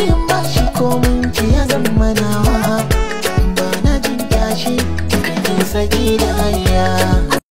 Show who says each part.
Speaker 1: biyan bashi shi komin ki ya zama nawa ba na jin yashi kin
Speaker 2: saki dariya